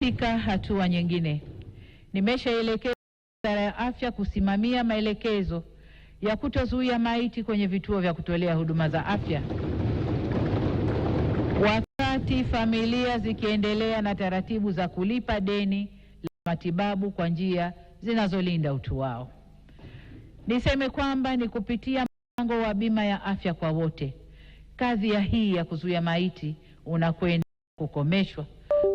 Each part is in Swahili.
Katika hatua nyingine, nimeshaelekeza Wizara ya Afya kusimamia maelekezo ya kutozuia maiti kwenye vituo vya kutolea huduma za afya wakati familia zikiendelea na taratibu za kulipa deni la matibabu kwa njia zinazolinda utu wao. Niseme kwamba ni kupitia mpango wa bima ya afya kwa wote, kadhia hii ya kuzuia maiti unakwenda kukomeshwa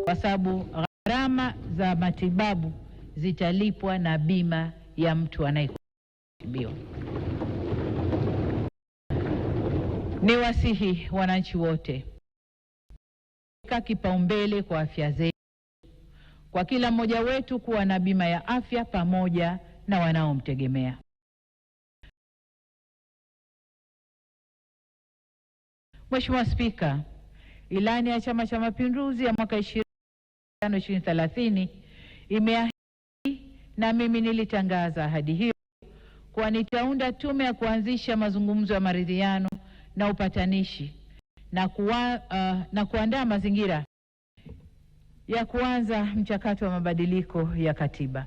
kwa sababu gharama za matibabu zitalipwa na bima ya mtu anayetibiwa. Ni wasihi wananchi wote ka kipaumbele kwa afya zetu, kwa kila mmoja wetu kuwa na bima ya afya pamoja na wanaomtegemea. Mheshimiwa Spika, Ilani ya Chama cha Mapinduzi ya mwaka 2025-2030 imeahidi, na mimi nilitangaza ahadi hiyo, kuwa nitaunda tume ya kuanzisha mazungumzo ya maridhiano na upatanishi na, kuwa, uh, na kuandaa mazingira ya kuanza mchakato wa mabadiliko ya katiba.